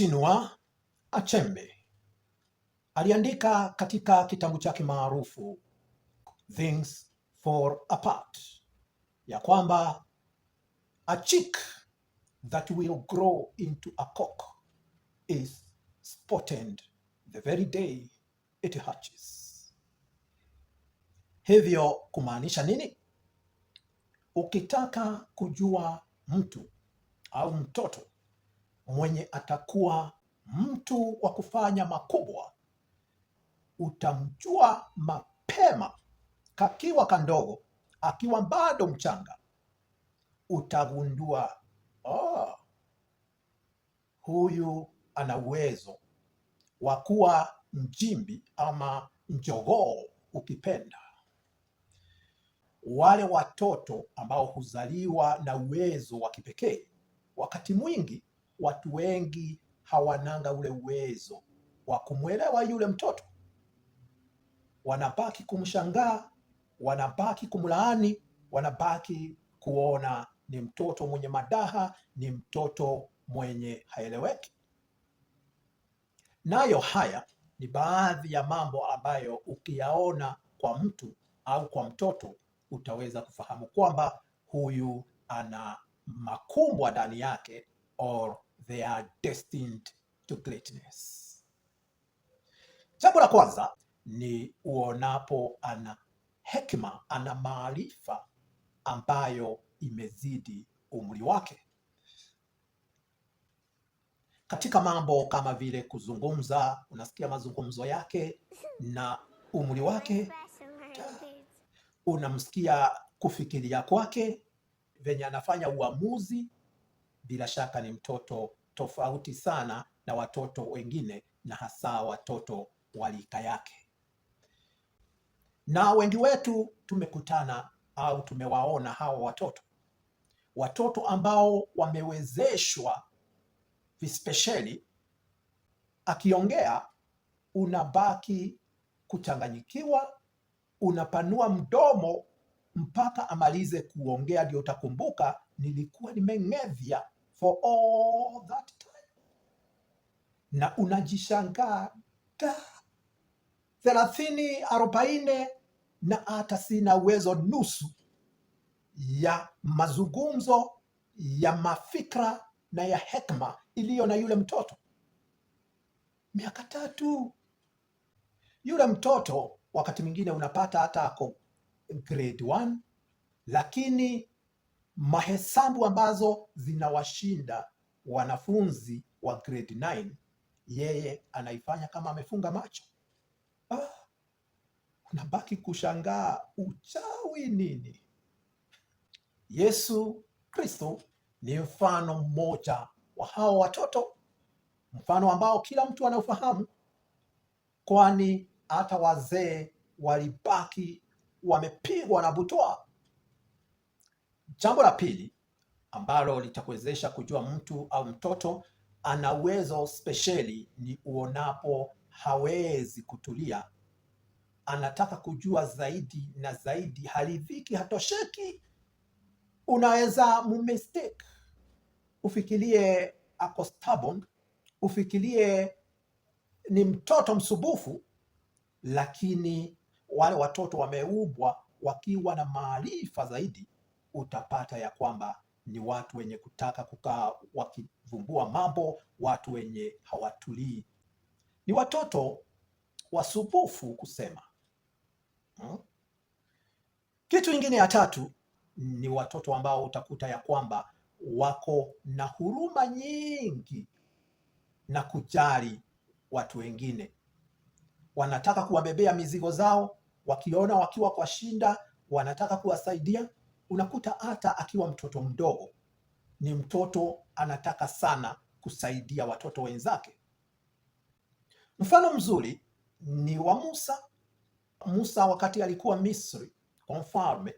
Chinua Achembe aliandika katika kitabu chake maarufu Things Fall Apart ya kwamba a chick that will grow into a cock is spotted the very day it hatches. Hivyo kumaanisha nini? Ukitaka kujua mtu au mtoto mwenye atakuwa mtu wa kufanya makubwa, utamjua mapema kakiwa kandogo, akiwa bado mchanga. Utagundua oh, huyu ana uwezo wa kuwa mjimbi ama njogoo ukipenda. Wale watoto ambao huzaliwa na uwezo wa kipekee, wakati mwingi watu wengi hawananga ule uwezo wa kumwelewa yule mtoto, wanabaki kumshangaa, wanabaki kumlaani, wanabaki kuona ni mtoto mwenye madaha, ni mtoto mwenye haeleweki. Nayo haya ni baadhi ya mambo ambayo ukiyaona kwa mtu au kwa mtoto utaweza kufahamu kwamba huyu ana makumbwa ndani yake or they are destined to greatness. Jambo la kwanza ni uonapo ana hekima, ana maarifa ambayo imezidi umri wake katika mambo kama vile kuzungumza. Unasikia mazungumzo yake na umri wake, unamsikia kufikiria kwake, venye anafanya uamuzi. Bila shaka ni mtoto tofauti sana na watoto wengine na hasa watoto wa rika yake. Na wengi wetu tumekutana au tumewaona hawa watoto, watoto ambao wamewezeshwa vispesheli. Akiongea unabaki kuchanganyikiwa, unapanua mdomo mpaka amalize kuongea, ndio utakumbuka nilikuwa nimeng'evya for all that time, na unajishangaa thelathini arobaini na hata sina uwezo nusu ya mazungumzo ya mafikra na ya hekma iliyo na yule mtoto. Miaka tatu yule mtoto, wakati mwingine unapata hata ako grade one, lakini mahesabu ambazo zinawashinda wanafunzi wa grade 9 yeye anaifanya kama amefunga macho. Ah, unabaki kushangaa uchawi nini? Yesu Kristo ni mfano mmoja wa hao watoto, mfano ambao kila mtu anaufahamu, kwani hata wazee walibaki wamepigwa na butwaa Jambo la pili ambalo litakuwezesha kujua mtu au mtoto ana uwezo spesheli ni uonapo hawezi kutulia, anataka kujua zaidi na zaidi, haridhiki, hatosheki. Unaweza mumistake, ufikirie ako stubborn, ufikirie ni mtoto msubufu, lakini wale watoto wameubwa wakiwa na maarifa zaidi utapata ya kwamba ni watu wenye kutaka kukaa wakivumbua mambo, watu wenye hawatulii, ni watoto wasubufu kusema hmm? Kitu kingine ya tatu ni watoto ambao utakuta ya kwamba wako na huruma nyingi na kujali watu wengine, wanataka kuwabebea mizigo zao, wakiona wakiwa kwa shinda wanataka kuwasaidia unakuta hata akiwa mtoto mdogo ni mtoto anataka sana kusaidia watoto wenzake. Mfano mzuri ni wa Musa. Musa wakati alikuwa Misri kwa mfalme,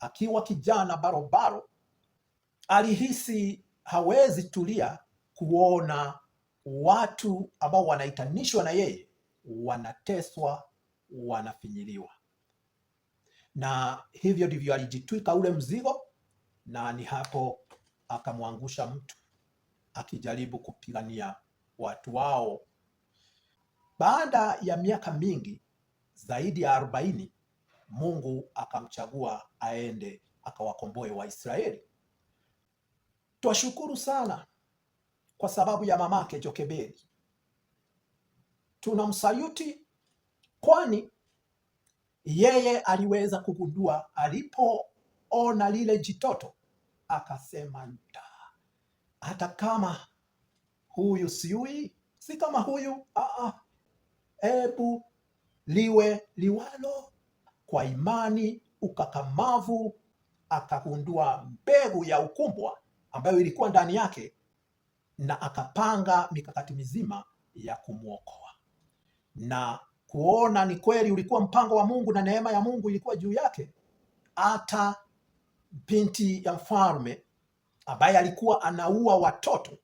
akiwa kijana barobaro, alihisi hawezi tulia kuona watu ambao wanaitanishwa na yeye wanateswa, wanafinyiliwa na hivyo ndivyo alijitwika ule mzigo, na ni hapo akamwangusha mtu akijaribu kupigania watu wao. Baada ya miaka mingi zaidi ya arobaini, Mungu akamchagua aende akawakomboe Waisraeli. Twashukuru sana kwa sababu ya mamake Jokebedi, tunamsaluti kwani yeye aliweza kugundua alipoona lile jitoto, akasema nta, hata kama huyu siui, si kama huyu aa, ebu liwe liwalo kwa imani ukakamavu. Akagundua mbegu ya ukumbwa ambayo ilikuwa ndani yake, na akapanga mikakati mizima ya kumwokoa na kuona ni kweli ulikuwa mpango wa Mungu na neema ya Mungu ilikuwa juu yake. Hata binti ya mfalme ambaye alikuwa anaua watoto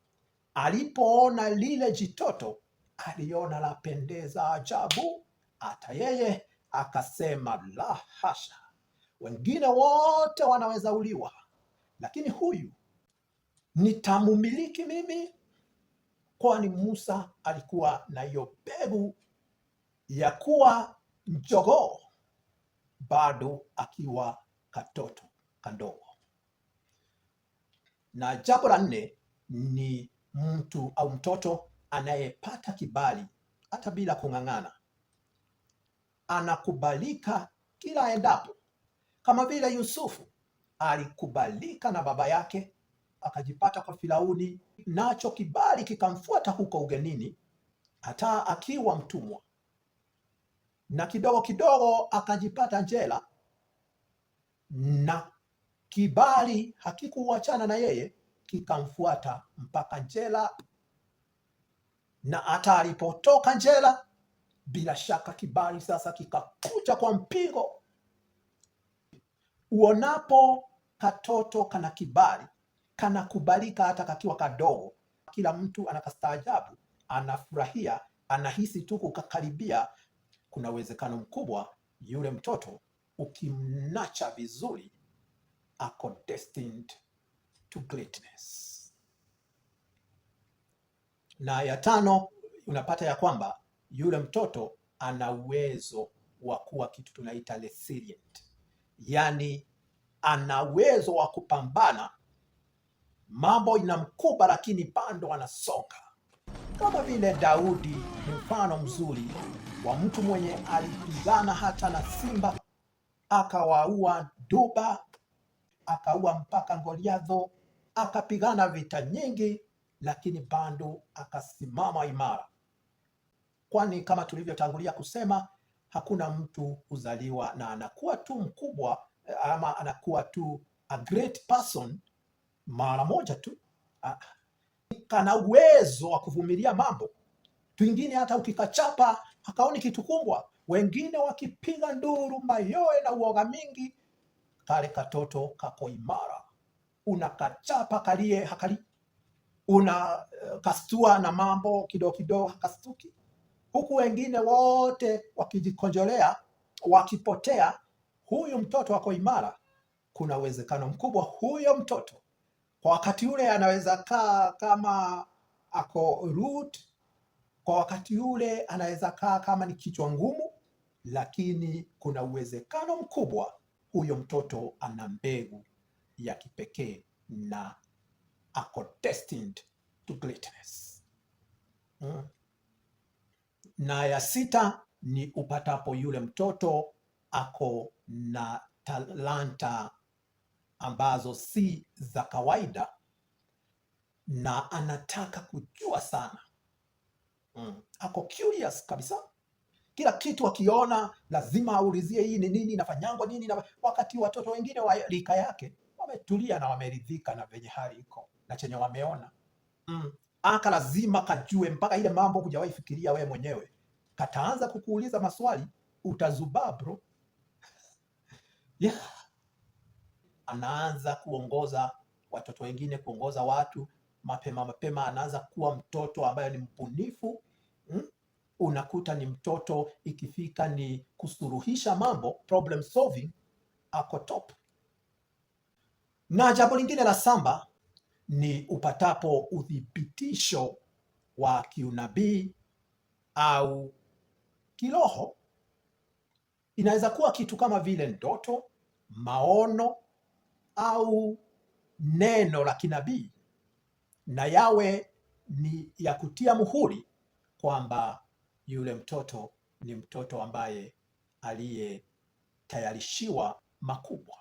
alipoona lile jitoto, aliona la pendeza ajabu, hata yeye akasema la hasha, wengine wote wanaweza uliwa, lakini huyu nitamumiliki mimi, kwani Musa alikuwa na hiyo mbegu ya kuwa mjogoo bado akiwa katoto kandogo. Na jambo la nne ni mtu au mtoto anayepata kibali hata bila kung'ang'ana, anakubalika kila endapo kama vile Yusufu alikubalika na baba yake akajipata kwa Firauni, nacho kibali kikamfuata huko ugenini, hata akiwa mtumwa na kidogo kidogo akajipata jela, na kibali hakikuachana na yeye, kikamfuata mpaka jela, na hata alipotoka jela, bila shaka kibali sasa kikakuja kwa mpigo. Uonapo katoto kana kibali, kanakubalika hata kakiwa kadogo, kila mtu anakastaajabu, anafurahia, anahisi tu kukakaribia kuna uwezekano mkubwa yule mtoto ukimnacha vizuri ako destined to greatness. Na ya tano unapata ya kwamba yule mtoto ana uwezo wa kuwa kitu tunaita resilient, yaani ana uwezo wa kupambana, mambo inamkuba lakini bado anasonga, kama vile Daudi ni mfano mzuri wa mtu mwenye alipigana hata na simba akawaua duba, akaua mpaka ngoliadho akapigana vita nyingi, lakini bado akasimama imara, kwani kama tulivyotangulia kusema hakuna mtu huzaliwa na anakuwa tu mkubwa ama anakuwa tu a great person mara moja tu. Kana uwezo wa kuvumilia mambo Twingine hata ukikachapa hakaoni kitu kubwa, wengine wakipiga nduru mayoe na uoga mingi, kale katoto kako imara, unakachapa kalie hakali, una eh, kastua na mambo kidogo kidogo hakastuki, huku wengine wote wakijikonjolea wakipotea, huyu mtoto ako imara. Kuna uwezekano mkubwa huyo mtoto kwa wakati ule anaweza kaa kama ako root kwa wakati ule anaweza kaa kama ni kichwa ngumu, lakini kuna uwezekano mkubwa huyo mtoto ana mbegu ya kipekee na ako destined to greatness. Hmm. Na ya sita ni upatapo yule mtoto ako na talanta ambazo si za kawaida na anataka kujua sana ako curious kabisa. Kila kitu akiona lazima aulizie hii ni nini, nafanyangwa nini, na wakati watoto wengine wa rika yake wametulia na wameridhika na venye hali iko na chenye wameona mm. Aka lazima kajue mpaka ile mambo hujawahi fikiria wewe mwenyewe, kataanza kukuuliza maswali utazubaa bro. yeah. Anaanza kuongoza watoto wengine, kuongoza watu mapema mapema, anaanza kuwa mtoto ambaye ni mbunifu unakuta ni mtoto ikifika ni kusuruhisha mambo problem solving, ako top. Na jambo lingine la saba ni upatapo uthibitisho wa kiunabii au kiroho. Inaweza kuwa kitu kama vile ndoto, maono au neno la kinabii, na yawe ni ya kutia muhuri kwamba yule mtoto ni mtoto ambaye aliyetayarishiwa makubwa.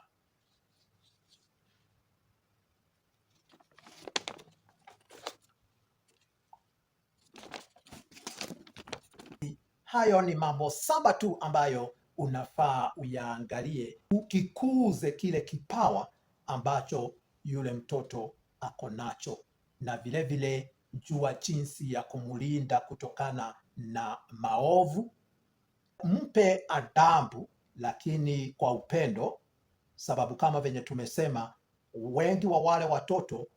Hayo ni mambo saba tu ambayo unafaa uyaangalie, ukikuze kile kipawa ambacho yule mtoto ako nacho, na vilevile jua jinsi ya kumlinda kutokana na maovu. Mpe adabu, lakini kwa upendo, sababu kama venye tumesema, wengi wa wale watoto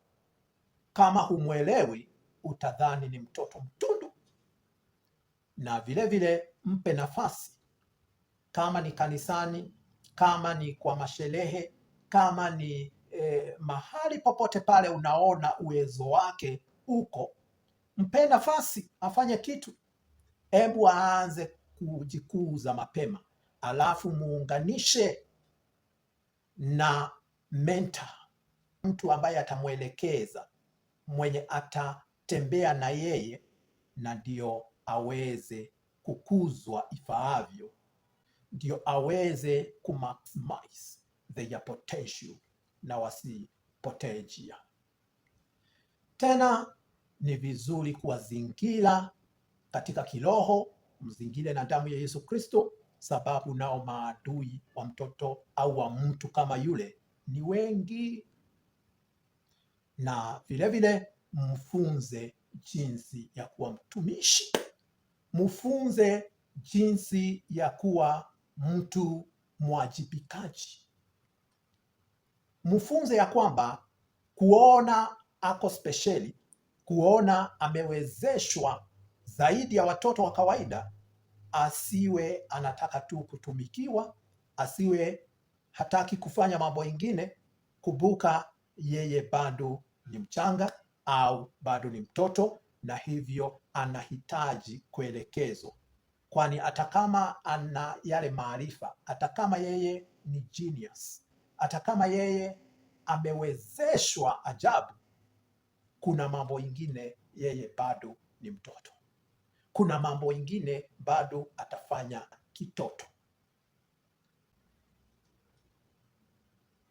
kama humwelewi utadhani ni mtoto mtundu. Na vile vile mpe nafasi, kama ni kanisani, kama ni kwa masherehe, kama ni eh, mahali popote pale unaona uwezo wake uko, mpe nafasi afanye kitu. Hebu aanze kujikuza mapema, alafu muunganishe na mentor, mtu ambaye atamwelekeza, mwenye atatembea na yeye, na ndio aweze kukuzwa ifaavyo, ndio aweze kumaximize their potential na wasipotee njia. Tena ni vizuri kuwazingira katika kiroho, mzingile na damu ya Yesu Kristo, sababu nao maadui wa mtoto au wa mtu kama yule ni wengi. Na vilevile mfunze jinsi ya kuwa mtumishi, mfunze jinsi ya kuwa mtu mwajibikaji, mfunze ya kwamba kuona ako spesheli, kuona amewezeshwa zaidi ya watoto wa kawaida, asiwe anataka tu kutumikiwa, asiwe hataki kufanya mambo mengine. Kumbuka yeye bado ni mchanga au bado ni mtoto, na hivyo anahitaji kuelekezwa, kwani hata kama ana yale maarifa, hata kama yeye ni genius, hata kama yeye amewezeshwa ajabu, kuna mambo mengine, yeye bado ni mtoto kuna mambo ingine bado atafanya kitoto.